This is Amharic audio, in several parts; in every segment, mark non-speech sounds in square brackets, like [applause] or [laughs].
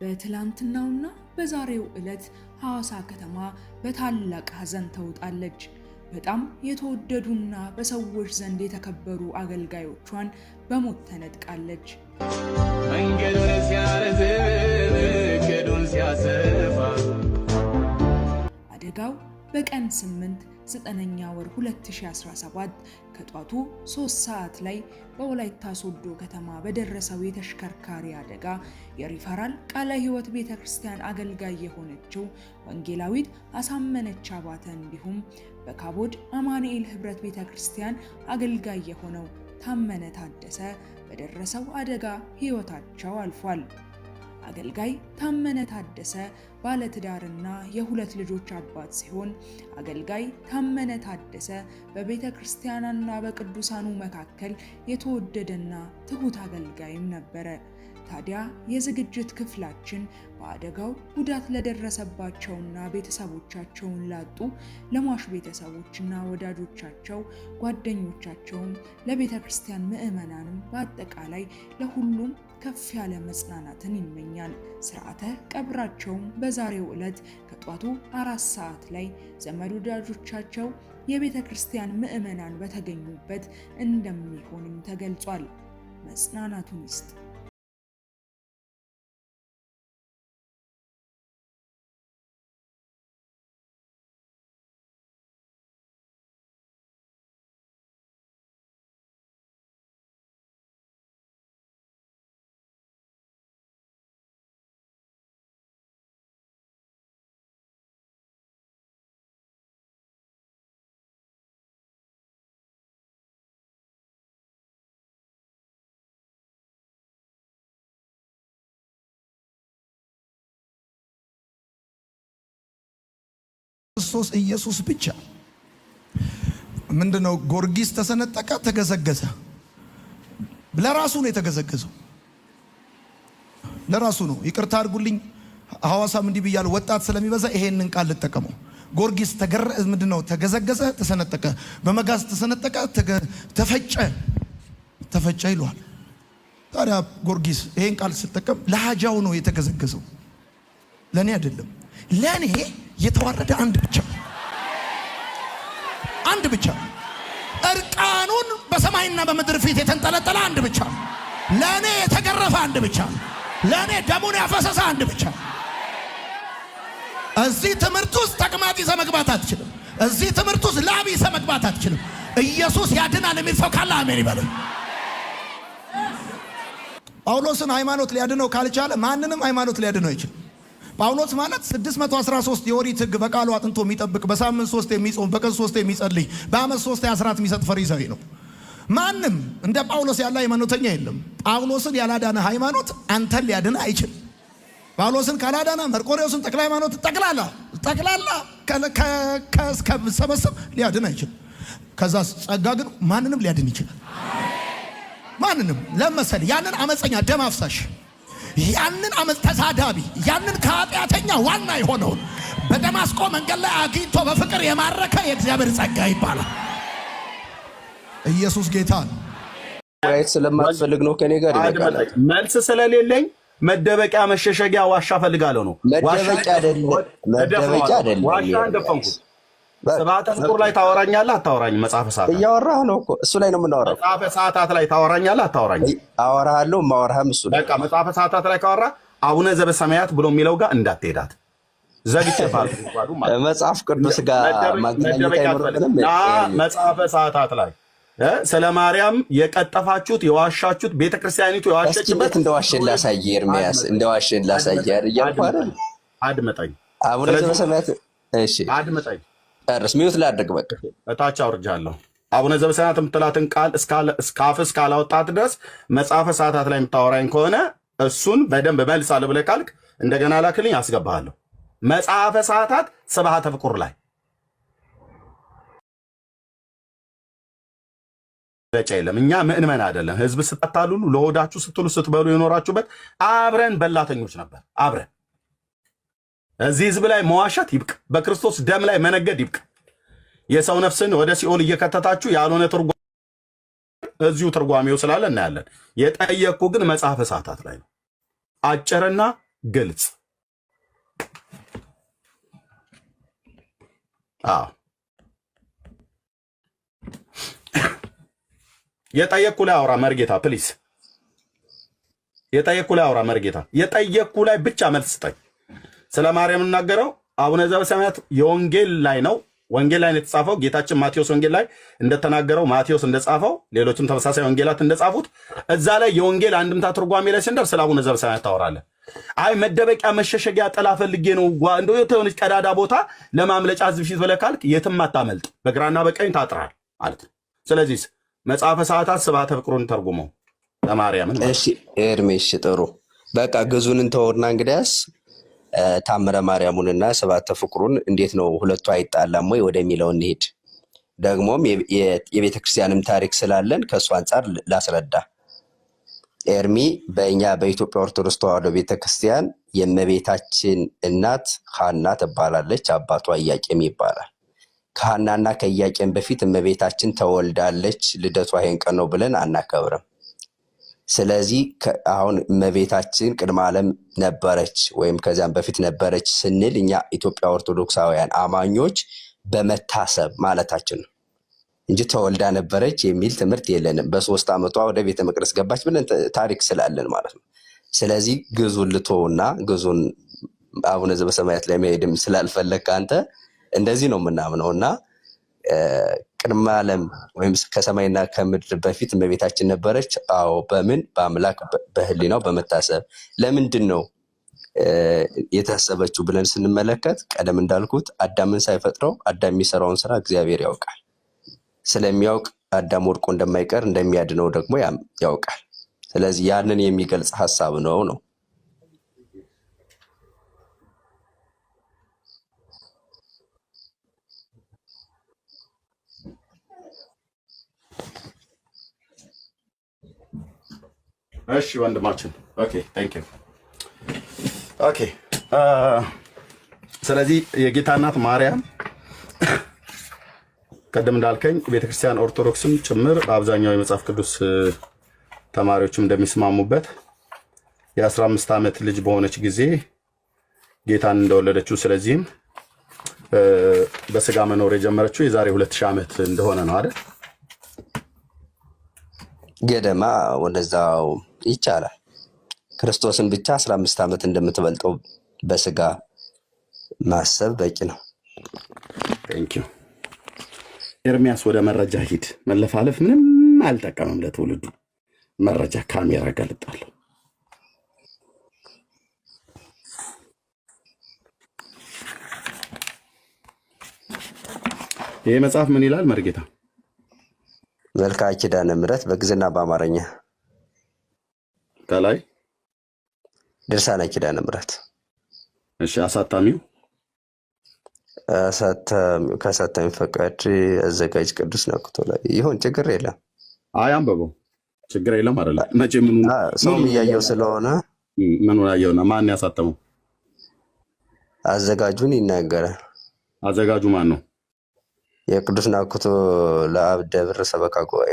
በትላንትናውና በዛሬው ዕለት ሐዋሳ ከተማ በታላቅ ሐዘን ተውጣለች። በጣም የተወደዱና በሰዎች ዘንድ የተከበሩ አገልጋዮቿን በሞት ተነጥቃለች። መንገዱን ሲያረዝም እቅዱን ሲያሰፋ አደጋው በቀን ስምንት 9ኛ ወር 2017 ከጧቱ 3 ሰዓት ላይ በወላይታ ሶዶ ከተማ በደረሰው የተሽከርካሪ አደጋ የሪፈራል ቃለ ሕይወት ቤተ ክርስቲያን አገልጋይ የሆነችው ወንጌላዊት አሳመነች አባተ እንዲሁም በካቦድ አማኑኤል ህብረት ቤተ ክርስቲያን አገልጋይ የሆነው ታመነ ታደሰ በደረሰው አደጋ ሕይወታቸው አልፏል። አገልጋይ ታመነ ታደሰ ባለትዳርና የሁለት ልጆች አባት ሲሆን አገልጋይ ታመነ ታደሰ በቤተ ክርስቲያናና በቅዱሳኑ መካከል የተወደደና ትሁት አገልጋይም ነበረ። ታዲያ የዝግጅት ክፍላችን በአደጋው ጉዳት ለደረሰባቸውና ቤተሰቦቻቸውን ላጡ ለሟሽ ቤተሰቦችና ወዳጆቻቸው፣ ጓደኞቻቸውም፣ ለቤተ ክርስቲያን ምዕመናንም በአጠቃላይ ለሁሉም ከፍ ያለ መጽናናትን ይመኛል። ስርዓተ ቀብራቸውም በዛሬው ዕለት ከጧቱ አራት ሰዓት ላይ ዘመድ ወዳጆቻቸው፣ የቤተ ክርስቲያን ምዕመናን በተገኙበት እንደሚሆንም ተገልጿል። መጽናናቱን ይስጥ። ክርስቶስ ኢየሱስ ብቻ። ምንድነው? ጎርጊስ ተሰነጠቀ፣ ተገዘገዘ። ለራሱ ነው የተገዘገዘው፣ ለራሱ ነው። ይቅርታ አድርጉልኝ፣ ሐዋሳም እንዲህ ብያለሁ፣ ወጣት ስለሚበዛ ይሄንን ቃል ልጠቀመው። ጎርጊስ ተገረ ምንድነው? ተገዘገዘ፣ ተሰነጠቀ፣ በመጋዝ ተሰነጠቀ፣ ተፈጨ፣ ተፈጨ ይለዋል። ታዲያ ጎርጊስ ይሄን ቃል ስጠቀም ለሃጃው ነው የተገዘገዘው፣ ለእኔ አይደለም ለእኔ የተዋረደ አንድ ብቻ አንድ ብቻ እርቃኑን በሰማይና በምድር ፊት የተንጠለጠለ አንድ ብቻ ለእኔ የተገረፈ አንድ ብቻ ለእኔ ደሙን ያፈሰሰ አንድ ብቻ። እዚህ ትምህርት ውስጥ ተቅማጥ ይዘ መግባት አትችልም። እዚህ ትምህርት ውስጥ ላብ ይዘ መግባት አትችልም። ኢየሱስ ያድናል የሚል ሰው ካለ አሜን ይበል። ጳውሎስን ሃይማኖት ሊያድነው ካልቻለ ማንንም ሃይማኖት ሊያድነው ይችል ጳውሎስ ማለት 613 የኦሪት ህግ በቃሉ አጥንቶ የሚጠብቅ በሳምንት ሶስት የሚጾም በቀን ሶስት የሚጸልይ በአመት ሶስት አስራት የሚሰጥ ፈሪሳዊ ነው። ማንም እንደ ጳውሎስ ያለ ሃይማኖተኛ የለም። ጳውሎስን ያላዳነ ሃይማኖት አንተን ሊያድን አይችል። ጳውሎስን ካላዳነ መርቆሬዎስን፣ ጠቅላ ሃይማኖት ጠቅላላ ጠቅላላ ከሰበሰብ ሊያድን አይችል። ከዛ ጸጋ ግን ማንንም ሊያድን ይችላል። ማንንም ለመሰል ያንን አመፀኛ ደም አፍሳሽ ያንን አመፅ ተሳዳቢ ያንን ከኃጢአተኛ ዋና የሆነውን በደማስቆ መንገድ ላይ አግኝቶ በፍቅር የማረከ የእግዚአብሔር ጸጋ ይባላል። ኢየሱስ ጌታ ወይስ ስለማትፈልግ ነው ከኔ ጋር መልስ ስለሌለኝ መደበቂያ መሸሸጊያ ዋሻ ፈልጋለሁ ነው። ዋሻ አይደለም፣ መደበቂያ አይደለም። ዋሻ እንደፈንኩት ስብሐተ ፍቁር ላይ ታወራኛለህ አታወራኝ? መጽሐፈ ሰዓታት እያወራህ ነው እኮ እሱ ላይ ነው የምናወራው። መጽሐፈ ሰዓታት ላይ ታወራኛለህ አታወራኝ? አወራሃለሁ። የማወራህም እሱ ላይ በቃ መጽሐፈ ሰዓታት ላይ ካወራ አቡነ ዘበሰማያት ብሎ የሚለው ጋር እንዳትሄዳት ዘግቼብሃል። መጽሐፍ ቅዱስ ጋር ማገናኘት አይኖርብንም። መጽሐፈ ሰዓታት ላይ ስለ ማርያም የቀጠፋችሁት የዋሻችሁት ቤተክርስቲያኒቱ የዋሸችበት እንደዋሸን ላሳየ ኤርሚያስ እንደዋሸን ላሳየ አድመጠኝ አቡነ ዘበሰማያት አድመጠኝ ጨርስ። ሚዩት ላድርግ በቃ እታች አውርጃለሁ። አቡነ ዘበሰናት የምትላትን ቃል እስካፍ እስካላወጣት ድረስ መጽሐፈ ሰዓታት ላይ የምታወራኝ ከሆነ እሱን በደንብ እመልሳለሁ ብለህ ካልክ እንደገና ላክልኝ፣ አስገባሃለሁ። መጽሐፈ ሰዓታት ስብሐተ ፍቁር ላይ መግለጫ የለም። እኛ ምእንመን አይደለም። ህዝብ ስጠታሉሉ ለሆዳችሁ ስትሉ ስትበሉ የኖራችሁበት አብረን በላተኞች ነበር አብረን እዚህ ህዝብ ላይ መዋሸት ይብቅ። በክርስቶስ ደም ላይ መነገድ ይብቅ። የሰው ነፍስን ወደ ሲኦል እየከተታችሁ ያልሆነ ትርጓሜ እዚሁ ትርጓሜው ስላለ እናያለን። የጠየቅኩ ግን መጽሐፈ ሰዓታት ላይ ነው። አጭርና ግልጽ። አዎ የጠየቅኩ ላይ አውራ መርጌታ ፕሊስ። የጠየቅኩ ላይ አውራ መርጌታ የጠየቅኩ ላይ ብቻ መልስ ስጠኝ። ስለ ማርያም የምናገረው አቡነ ዘበሰማያት የወንጌል ላይ ነው። ወንጌል ላይ የተጻፈው። ጌታችን ማቴዎስ ወንጌል ላይ እንደተናገረው ማቴዎስ እንደጻፈው፣ ሌሎችም ተመሳሳይ ወንጌላት እንደጻፉት እዛ ላይ የወንጌል አንድምታ ትርጓሜ ላይ ስንደርስ ስለ አቡነ ዘበሰማያት ታወራለህ። አይ መደበቂያ መሸሸጊያ ጥላ ፈልጌ ነው እንደ የሆነች ቀዳዳ ቦታ ለማምለጫ ህዝብ ፊት ብለህ ካልክ የትም አታመልጥ፣ በግራና በቀኝ ታጥራል ማለት ነው። ስለዚህ መጽሐፈ ሰዓታት ስብሐተ ፍቅሩን ተርጉመው ለማርያምን። እሺ ኤርሜሽ ጥሩ በቃ ግዙን እንተወርና እንግዲያስ ታምረ ማርያሙንና ስብሐተ ፍቅሩን እንዴት ነው ሁለቱ አይጣላም ወይ ወደሚለው እንሄድ። ደግሞም የቤተ ክርስቲያንም ታሪክ ስላለን ከእሱ አንጻር ላስረዳ። ኤርሚ በእኛ በኢትዮጵያ ኦርቶዶክስ ተዋሕዶ ቤተ ክርስቲያን የእመቤታችን እናት ሀና ትባላለች። አባቷ እያቄም ይባላል። ከሀናና ከእያቄም በፊት እመቤታችን ተወልዳለች፣ ልደቷ ይሄን ቀን ነው ብለን አናከብርም። ስለዚህ አሁን እመቤታችን ቅድመ ዓለም ነበረች ወይም ከዚያም በፊት ነበረች ስንል እኛ ኢትዮጵያ ኦርቶዶክሳውያን አማኞች በመታሰብ ማለታችን ነው እንጂ ተወልዳ ነበረች የሚል ትምህርት የለንም። በሶስት ዓመቷ ወደ ቤተ መቅደስ ገባች ብለን ታሪክ ስላለን ማለት ነው። ስለዚህ ግዙን ልቶና ግዙን አቡነ ዘበሰማያት ላይ መሄድም ስላልፈለግ አንተ እንደዚህ ነው የምናምነው እና ቅድመ ዓለም ወይም ከሰማይና ከምድር በፊት እመቤታችን ነበረች። አዎ። በምን በአምላክ በህሊናው በመታሰብ ለምንድን ነው የታሰበችው ብለን ስንመለከት ቀደም እንዳልኩት አዳምን ሳይፈጥረው አዳም የሚሰራውን ስራ እግዚአብሔር ያውቃል። ስለሚያውቅ አዳም ወድቆ እንደማይቀር እንደሚያድነው ደግሞ ያውቃል። ስለዚህ ያንን የሚገልጽ ሀሳብ ነው ነው እሺ ወንድማችን ኦኬ ታንክ ዩ ኦኬ። ስለዚህ የጌታ እናት ማርያም ቀደም እንዳልከኝ ቤተክርስቲያን ኦርቶዶክስም ጭምር አብዛኛው የመጽሐፍ ቅዱስ ተማሪዎችም እንደሚስማሙበት የ15 ዓመት ልጅ በሆነች ጊዜ ጌታን እንደወለደችው ስለዚህም በስጋ መኖር የጀመረችው የዛሬ 2000 ዓመት እንደሆነ ነው አይደል? ገደማ ወደዛው ይቻላል። ክርስቶስን ብቻ አስራ አምስት ዓመት እንደምትበልጠው በስጋ ማሰብ በቂ ነው። ኤርሚያስ፣ ወደ መረጃ ሂድ። መለፋለፍ ምንም አልጠቀምም ለትውልዱ። መረጃ ካሜራ ገልጣለሁ። ይህ መጽሐፍ ምን ይላል? መርጌታ መልክዓ ኪዳነ ምሕረት በግዕዝና በአማርኛ ከላይ ድርሳነ ኪዳነ ምሕረት። እሺ አሳታሚው ከአሳታሚ ፈቃድ አዘጋጅ ቅዱስ ነቅቶ ላይ ይሁን፣ ችግር የለም። አይ አንብበው፣ ችግር የለም አለ መቼ ሰውም እያየው ስለሆነ ምን ያየውና ማን ያሳተመው አዘጋጁን ይናገራል። አዘጋጁ ማን ነው? የቅዱስ ናኩቶ ለአብ ደብረ ሰበካ ጉባኤ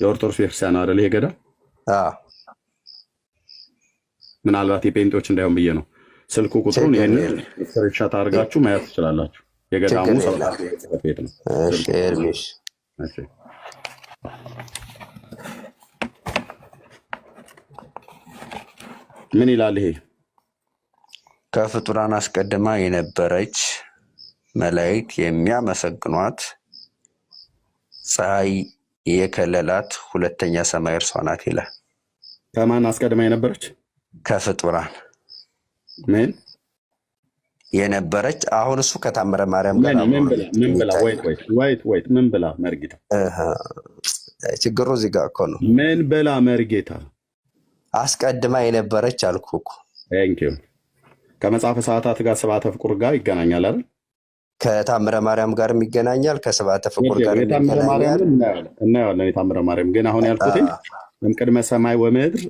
የኦርቶዶክስ ቤተክርስቲያን አይደል? ይሄ ገዳ ምናልባት የጴንጤዎች እንዳይሆን ብዬ ነው። ስልኩ ቁጥሩን ይህን ስርሻት አድርጋችሁ መያዝ ትችላላችሁ። የገዳሙ ቤት ነው። ምን ይላል ይሄ? ከፍጡራን አስቀድማ የነበረች መላእክት የሚያመሰግኗት ፀሐይ የከለላት ሁለተኛ ሰማይ እርሷ ናት ይላል። ከማን አስቀድማ የነበረች ከፍጡራን ምን የነበረች አሁን እሱ ከታምረ ማርያም ጋር ምን ብላ መርጌታ፣ ችግሩ እዚህ ጋር እኮ ነው። ምን ብላ መርጌታ አስቀድማ የነበረች አልኩ እኮ። ከመጽሐፈ ሰዓታት ጋር ስብዓተ ፍቁር ጋር ይገናኛል አይደል? ከታምረ ማርያም ጋርም ይገናኛል፣ ከስብዓተ ፍቁር ጋር እናየዋለን። የታምረ ማርያም ግን አሁን ያልኩት ቅድመ ሰማይ ወምድር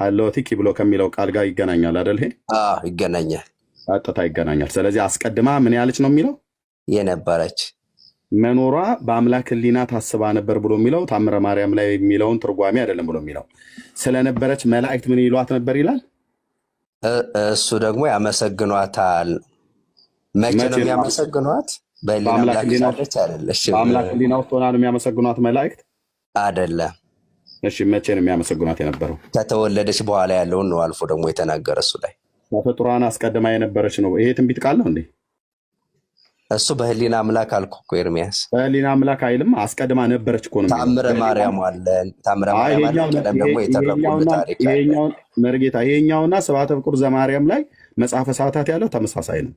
ሀለወቲቂ ብሎ ከሚለው ቃል ጋር ይገናኛል አደል? ይሄ ይገናኛል፣ ቀጥታ ይገናኛል። ስለዚህ አስቀድማ ምን ያለች ነው የሚለው የነበረች መኖሯ በአምላክ ሕሊና ታስባ ነበር ብሎ የሚለው ታምረ ማርያም ላይ የሚለውን ትርጓሜ አይደለም ብሎ የሚለው ስለነበረች መላእክት ምን ይሏት ነበር ይላል። እሱ ደግሞ ያመሰግኗታል። መቼ ነው የሚያመሰግኗት? በአምላክ ሕሊና ውስጥ ሆና ነው የሚያመሰግኗት መላእክት አይደለም እሺ መቼ ነው የሚያመሰግኗት የነበረው? ከተወለደች በኋላ ያለውን ነው። አልፎ ደግሞ የተናገረ እሱ ላይ በፍጡራን አስቀድማ የነበረች ነው። ይሄ ትንቢት ቃል ነው እንዴ? እሱ በህሊና አምላክ አልኩ እኮ ኤርሚያስ። በህሊና አምላክ አይልም፣ አስቀድማ ነበረች እኮ ነው። ታምረ ማርያም አለን። ታምረ ማርያም መርጌታ። ይሄኛውና ስብሐተ ፍቁር ዘማርያም ላይ መጽሐፈ ሰዓታት ያለው ተመሳሳይ ነው።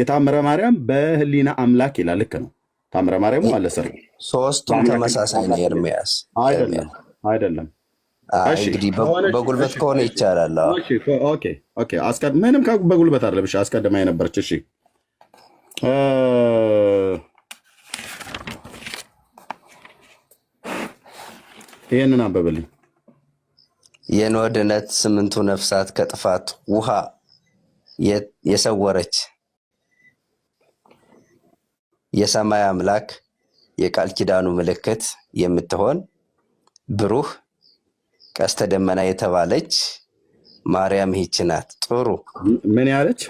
የታምረ ማርያም በህሊና አምላክ ይላል። ልክ ነው። ታምረ ማርያም አለ ሶስቱም ተመሳሳይ ነው ኤርሚያስ አይደለም አይደለም። እንግዲህ በጉልበት ከሆነ ይቻላል። ምንም በጉልበት አይደለም። እሺ አስቀድማ የነበረች እሺ ይህንን አንብብልኝ የኖህ ድነት ስምንቱ ነፍሳት ከጥፋት ውሃ የሰወረች የሰማይ አምላክ የቃል ኪዳኑ ምልክት የምትሆን ብሩህ ቀስተ ደመና የተባለች ማርያም ይህች ናት። ጥሩ ምን ያለች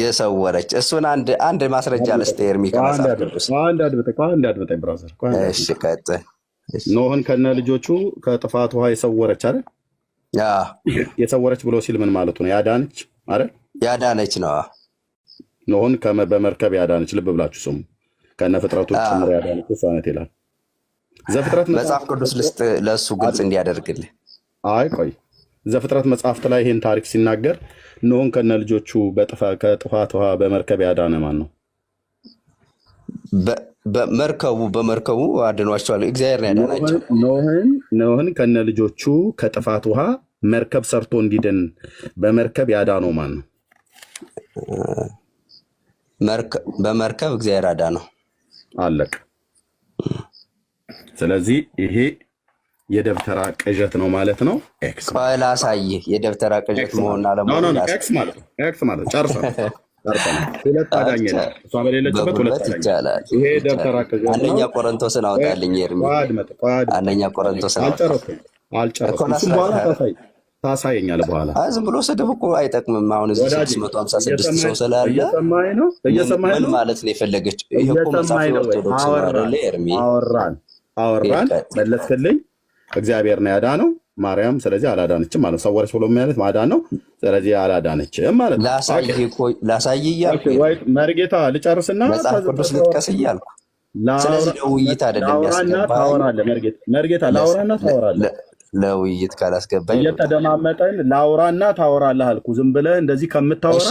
የሰወረች እሱን አንድ ማስረጃ ልስጥ። ኤርሚ ኖህን ከነ ልጆቹ ከጥፋት ውሃ የሰወረች አለ። የሰወረች ብሎ ሲል ምን ማለቱ ነው? ያዳነች አይደል? ያዳነች ነው። ኖህን በመርከብ ያዳነች። ልብ ብላችሁ ስሙ። ከነ ፍጥረቱ ጭምር ያዳነች ሳነት ይላል ዘፍጥረት መጽሐፍ ቅዱስ ልስጥ ለእሱ ግልጽ እንዲያደርግልህ። አይ ቆይ ዘፍጥረት መጽሐፍት ላይ ይህን ታሪክ ሲናገር ኖሆን ከነ ልጆቹ ከጥፋት ውሃ በመርከብ ያዳነ ማን ነው? በመርከቡ በመርከቡ አድኗቸዋል። እግዚአብሔር ያዳናቸው ኖህን ከነ ልጆቹ ከጥፋት ውሃ መርከብ ሰርቶ እንዲድን በመርከብ ያዳነው ማን ነው? በመርከብ እግዚአብሔር አዳነው። አለቀ። ስለዚህ ይሄ የደብተራ ቅዠት ነው ማለት ነው። ኤክስ የደብተራ ቅዠት መሆን አለመሆን ኤክስ ማለት ኤክስ ማለት [laughs] ሁለት አዳኝ እሷ በሌለችበት ሁለት ይቻላል። ይሄ ደብተራ ቅዠት አንደኛ አውጣልኝ አንደኛ አልጨረስኩም አልጨረስኩም። እሱም በኋላ ታሳይ በኋላ። ዝም ብሎ ስድብ እኮ አይጠቅምም። አሁን እዚህ ስድስት መቶ ስድስት ሰው ስላለ ምን ማለት ነው የፈለገች ይሄ እኮ መጽሐፍ ኦርቶዶክስ ነው አይደለ ኤርሚ አወራን አወራን መለስክልኝ። እግዚአብሔር ነው ያዳነው ማርያም ስለዚህ አላዳነችም ማለት ነው። ሰወረች ብሎ ማለት ማዳን ነው። ስለዚህ አላዳነችም ማለት ነው። ላሳይ እያልኩ መርጌታ ልጨርስና መጽሐፍ ቅዱስ ልጥቀስ እያልኩ ስለዚህ ለውይይት አይደለም ያስገባል። መርጌታ ላውራና ታወራለህ። ለውይይት ካላስገባኝ እየተደማመጠን ላውራና ታወራለህ አልኩ። ዝም ብለህ እንደዚህ ከምታወራ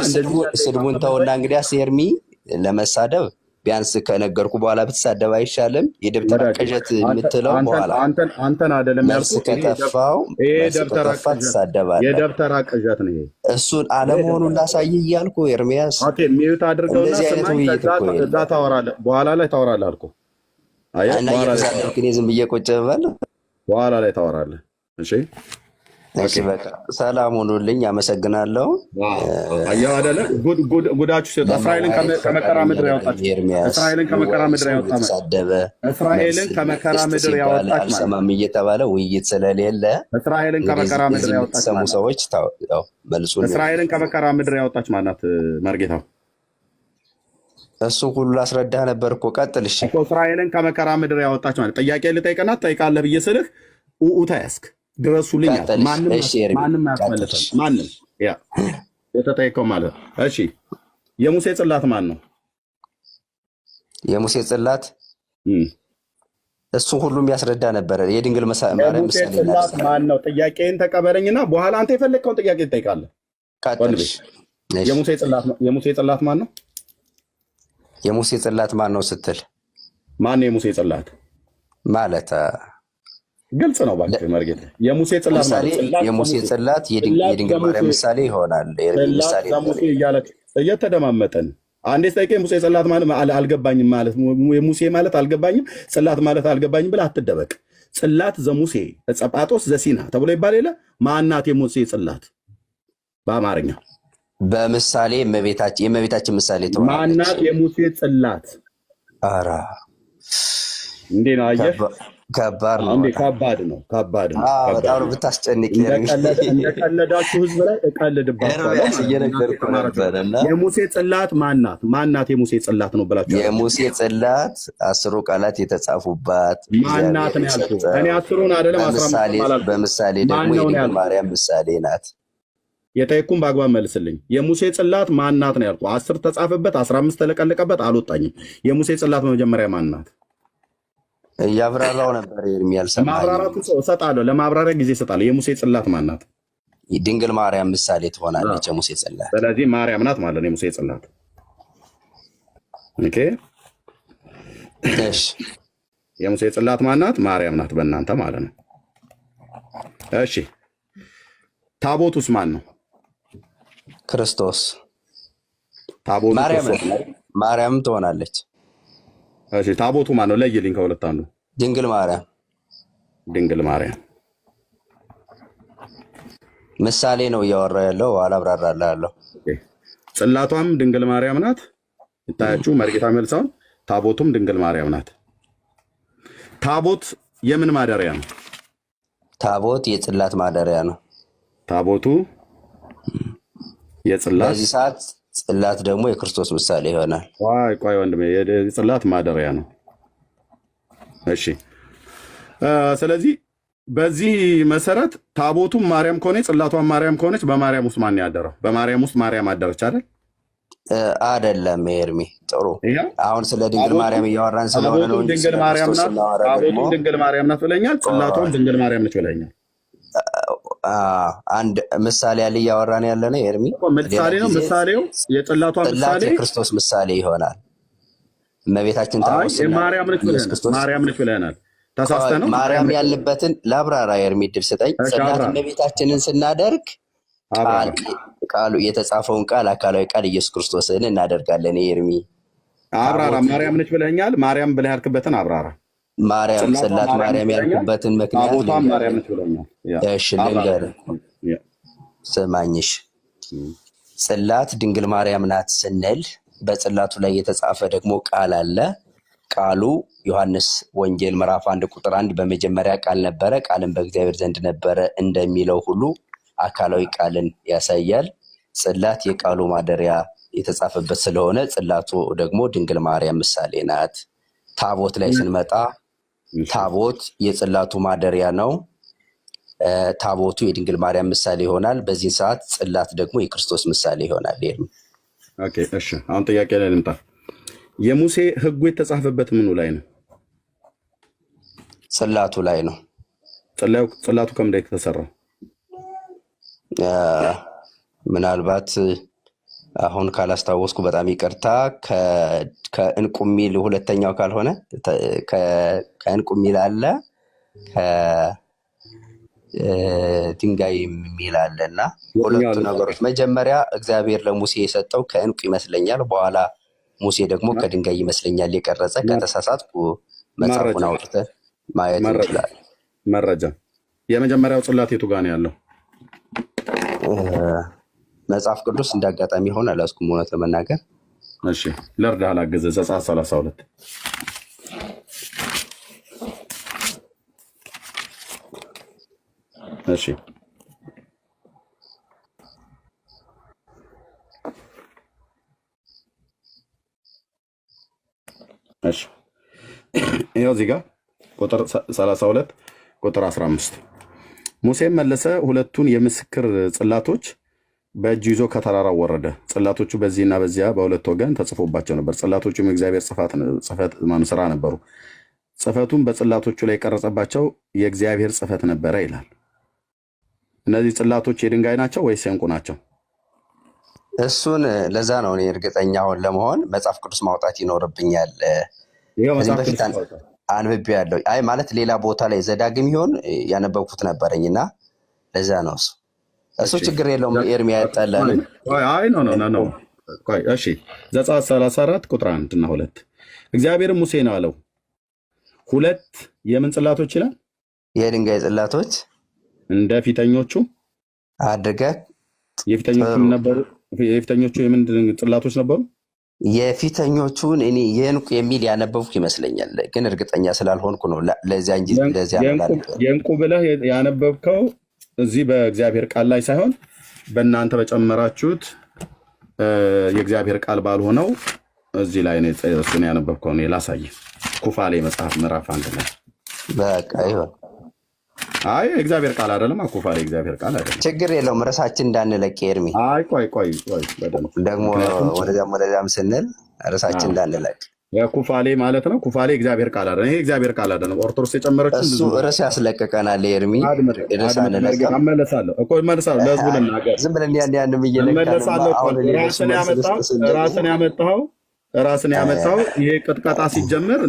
ስድቡን ተውና እንግዲህ አስሄርሚ ለመሳደብ ቢያንስ ከነገርኩ በኋላ ብትሳደብ አይሻልም? የደብተር ቅዠት የምትለው በኋላ አንተን አይደለም። መልስ ከጠፋው ትሳደባለህ። የደብተራ ቅዠት ነው። እሱን አለመሆኑ እንዳሳይ እያልኩ ኤርሚያስ ሚዩት አድርገው እንደዚህ አይነት ውይይት በኋላ ላይ ታወራለህ አልኩ እና እየተሳደብክ እኔ ዝም ብዬ ቁጭ ብበል በኋላ ላይ ታወራለህ። እሺ በቃ ሰላም ሁኑልኝ። አመሰግናለሁ። ጉዳችሁ ሲወጣ እስራኤልን ከመከራ ምድር ያወጣችሁ እስራኤልን ከመከራ ምድር ያወጣችሁ አልሰማም እየተባለ ውይይት ስለሌለ እስራኤልን ከመከራ ምድር ያወጣችሁ ሰዎች መልሱ እስራኤልን ከመከራ ምድር ያወጣችሁ ማናት? እሱ ሁሉ አስረዳ ነበር እኮ ቀጥል። እሺ እስራኤልን ከመከራ ምድር ያወጣችሁ ማለት ጥያቄ ልጠይቅና ትጠይቃለህ ብዬ ስልህ ውታ ያስክ ድረሱልኝ። ማንም የተጠየቀው ማለት እሺ የሙሴ ጽላት ማን ነው? የሙሴ ጽላት እሱን ሁሉም ያስረዳ ነበረ። የድንግል ማርያም ጽላት ማን ነው? ጥያቄን ተቀበለኝና በኋላ አንተ የፈለግከውን ጥያቄ ትጠይቃለህ። የሙሴ ጽላት ማን ነው? የሙሴ ጽላት ማን ነው ስትል ማን ነው የሙሴ ጽላት ማለት ግልጽ ነው። ባንክ መርጌት የሙሴ ጽላት የሙሴ ጽላት የድንግል ማርያም ምሳሌ ይሆናል። ሙሴ እየተደማመጠን አንዴ ጠይቄ ሙሴ ጽላት ማለት አልገባኝም ማለት የሙሴ ማለት አልገባኝም ጽላት ማለት አልገባኝም ብለህ አትደበቅ። ጽላት ዘሙሴ ጸጳጦስ ዘሲና ተብሎ ይባል የለ ማናት የሙሴ ጽላት በአማርኛ በምሳሌ የእመቤታችን ምሳሌ ማናት የሙሴ ጽላት አራ እንዴ ነው አየህ ከባድ ነው። ከባድ ነው። ከባድ ነው። በጣም ነው ብታስጨንቅ። እንደቀለዳችሁ ህዝብ ላይ እቀልድባቸዋለሁ እየነገርኩ ነበር። እና የሙሴ ጽላት ማናት? ማናት የሙሴ ጽላት ነው ብላችሁ የሙሴ ጽላት አስሩ ቃላት የተጻፉባት ማናት ነው ያልኩህ እኔ። አስሩን አይደለም በምሳሌ ደግሞ ማርያም ምሳሌ ናት። የጠየኩህን በአግባብ መልስልኝ። የሙሴ ጽላት ማናት ነው ያልኩህ። አስር ተጻፈበት፣ አስራ አምስት ተለቀለቀበት፣ አልወጣኝም። የሙሴ ጽላት መጀመሪያ ማናት? እያብራራው ነበር ኤርሚያስ። ማብራራቱ እሰጣለሁ፣ ለማብራሪያ ጊዜ እሰጣለሁ። የሙሴ ጽላት ማናት? ድንግል ማርያም ምሳሌ ትሆናለች የሙሴ ጽላት። ስለዚህ ማርያም ናት ማለት ነው የሙሴ ጽላት። እሺ፣ የሙሴ ጽላት ማናት? ማርያም ናት በእናንተ ማለት ነው። እሺ፣ ታቦቱስ ማን ነው? ክርስቶስ። ማርያም ትሆናለች። እሺ ታቦቱ ማነው? ነው? ለይልኝ ከሁለት አንዱ። ድንግል ማርያም። ድንግል ማርያም ምሳሌ ነው እያወራ ያለው አላብራራላለሁ። ጽላቷም ድንግል ማርያም ናት። ይታያችሁ መርጌታ መልሳውን ታቦቱም ድንግል ማርያም ናት። ታቦት የምን ማደሪያ ነው? ታቦት የጽላት ማደሪያ ነው። ታቦቱ የጽላት በዚህ ሰዓት ጽላት ደግሞ የክርስቶስ ምሳሌ ይሆናል። ቆይ ቆይ ወንድሜ ጽላት ማደሪያ ነው። እሺ፣ ስለዚህ በዚህ መሰረት ታቦቱም ማርያም ከሆነች ጽላቷን ማርያም ከሆነች በማርያም ውስጥ ማን ያደረው? በማርያም ውስጥ ማርያም አደረች አይደል? አደለም። ኤርሚ ጥሩ። አሁን ስለ ድንግል ማርያም እያወራን ስለሆነ ነው። ድንግል ማርያም ናት ብለኛል። ጽላቷን ድንግል ማርያም ነች ብለኛል። አንድ ምሳሌ ያለ እያወራን ያለ ነው። ኤርሚ ምሳሌ ነው። ምሳሌው የጥላቷ ምሳሌ የክርስቶስ ምሳሌ ይሆናል። እመቤታችን ማርያም ነች ብለናል። ተሳስተ ነው። ማርያም ያለበትን ለአብራራ ኤርሚ ድል ስጠኝ። ጽላት እመቤታችንን ስናደርግ ቃሉ የተጻፈውን ቃል አካላዊ ቃል ኢየሱስ ክርስቶስን እናደርጋለን። ኤርሚ አብራራ። ማርያም ነች ብለኛል። ማርያም ብለህ ያልክበትን አብራራ። ማርያም ጽላት ማርያም ያልኩበትን ምክንያት ማርያም ነች እሺ ልንገር፣ ስማኝሽ ጽላት ድንግል ማርያም ናት ስንል በጽላቱ ላይ የተጻፈ ደግሞ ቃል አለ። ቃሉ ዮሐንስ ወንጌል ምዕራፍ አንድ ቁጥር አንድ በመጀመሪያ ቃል ነበረ፣ ቃልም በእግዚአብሔር ዘንድ ነበረ እንደሚለው ሁሉ አካላዊ ቃልን ያሳያል። ጽላት የቃሉ ማደሪያ የተጻፈበት ስለሆነ ጽላቱ ደግሞ ድንግል ማርያም ምሳሌ ናት። ታቦት ላይ ስንመጣ ታቦት የጽላቱ ማደሪያ ነው። ታቦቱ የድንግል ማርያም ምሳሌ ይሆናል። በዚህን ሰዓት ጽላት ደግሞ የክርስቶስ ምሳሌ ይሆናል። እሺ አሁን ጥያቄ ላይ ልምጣ። የሙሴ ህጉ የተጻፈበት ምኑ ላይ ነው? ጽላቱ ላይ ነው። ጽላቱ ከምንድን የተሰራው? ምናልባት አሁን ካላስታወስኩ በጣም ይቅርታ። ከእንቁ ሚል ሁለተኛው ካልሆነ ከእንቁ ሚል አለ ድንጋይ የሚል አለ እና ሁለቱ ነገሮች መጀመሪያ እግዚአብሔር ለሙሴ የሰጠው ከእንቁ ይመስለኛል። በኋላ ሙሴ ደግሞ ከድንጋይ ይመስለኛል የቀረጸ። ከተሳሳትኩ መጽሐፉን አውጥተ ማየት ይችላል። መረጃ የመጀመሪያው ጽላት የቱ ጋ ነው ያለው? መጽሐፍ ቅዱስ እንዳጋጣሚ ሆነ ለስኩም እውነት ለመናገር እሺ፣ ለእርዳህ አላገዘ ዘጸአት 32 እሺ እሺ ይኸው እዚህ ጋር ቁጥር 32 ቁጥር 15 ሙሴም መለሰ ሁለቱን የምስክር ጽላቶች በእጁ ይዞ ከተራራው ወረደ። ጽላቶቹ በዚህና በዚያ በሁለት ወገን ተጽፎባቸው ነበር። ጽላቶቹም የእግዚአብሔር ጽፈት ስራ ነበሩ። ጽፈቱም በጽላቶቹ ላይ የቀረጸባቸው የእግዚአብሔር ጽፈት ነበረ ይላል። እነዚህ ጽላቶች የድንጋይ ናቸው ወይስ የዕንቁ ናቸው? እሱን ለዛ ነው እኔ እርግጠኛ ለመሆን መጽሐፍ ቅዱስ ማውጣት ይኖርብኛል። በፊት አንብቤ ያለው አይ ማለት ሌላ ቦታ ላይ ዘዳግም ይሆን ያነበብኩት ነበረኝ እና ለዛ ነው እሱ እሱ ችግር የለውም። ኤርሚያ ያጠለን እሺ፣ ዘጸአት 34 ቁጥር አንድ እና ሁለት እግዚአብሔር ሙሴ ነው አለው ሁለት የምን ጽላቶች ይላል የድንጋይ ጽላቶች እንደ ፊተኞቹ አድርገህ የፊተኞቹ የምንድን ጥላቶች ነበሩ? የፊተኞቹን እኔ የእንቁ የሚል ያነበብኩ ይመስለኛል፣ ግን እርግጠኛ ስላልሆንኩ ነው። ለዚያ እንጂ ለዚያ የእንቁ ብለህ ያነበብከው እዚህ በእግዚአብሔር ቃል ላይ ሳይሆን በእናንተ በጨመራችሁት የእግዚአብሔር ቃል ባልሆነው እዚህ ላይ እሱን ያነበብከው ላሳይ። ኩፋሌ መጽሐፍ ምዕራፍ አንድ ላይ በቃ ይሆን አይ እግዚአብሔር ቃል አይደለም፣ አኮፋሪ እግዚአብሔር ቃል አይደለም። ችግር የለውም። ርዕሳችን እንዳንለቅ ኤርሚ። አይ ቆይ ቆይ ቆይ ደግሞ ወደዚያም ወደዚያም ስንል ርዕሳችን እንዳንለቅ ኩፋሌ ማለት ነው። ኩፋሌ እግዚአብሔር ቃል አይደለም። ይሄ እግዚአብሔር ቃል አይደለም። ኦርቶዶክስ የጨመረችው እሱ ርዕስ ያስለቀቀናል። ኤርሚ እመለሳለሁ እኮ እመለሳለሁ። ለህዝቡ ልናገር ዝም ብለን ያን ያንም እየለቀ ራስን ያመጣኸው ራስን ያመጣው ይሄ ቅጥቀጣ ሲጀምር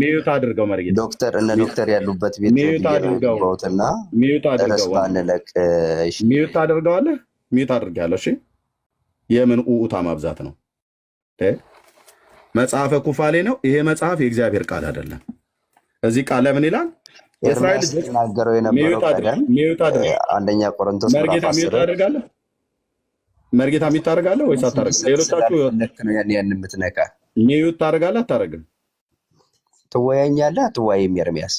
ሚዩት አድርገው መርጌታ ዶክተር እነ ዶክተር ያሉበት ቤት አድርገውትና ርስ ሚዩት አድርገዋለህ። ሚዩት አድርገያለሁ። የምን ኡኡታ ማብዛት ነው? መጽሐፈ ኩፋሌ ነው ይሄ መጽሐፍ። የእግዚአብሔር ቃል አይደለም። እዚህ ቃል ለምን ይላል? ሚዩት አድርጋለህ። አንደኛ ቆሮንቶስ ሚዩት አድርጋለህ መርጌታ ሚት ወይስ አታደርግም? ሌሎቻችሁ ያን የምትነቃ ሚዩት ታደርጋለህ አታደርግም? ትወያኛለ አትወያይም? ኤርሚያስ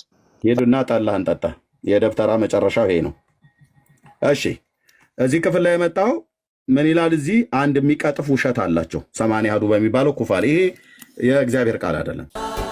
ሄዱና ጠላህን ጠጣ። የደብተራ መጨረሻው ይሄ ነው። እሺ እዚህ ክፍል ላይ የመጣው ምን ይላል? እዚህ አንድ የሚቀጥፍ ውሸት አላቸው። ሰማንያ አሐዱ በሚባለው ኩፋል ይሄ የእግዚአብሔር ቃል አይደለም።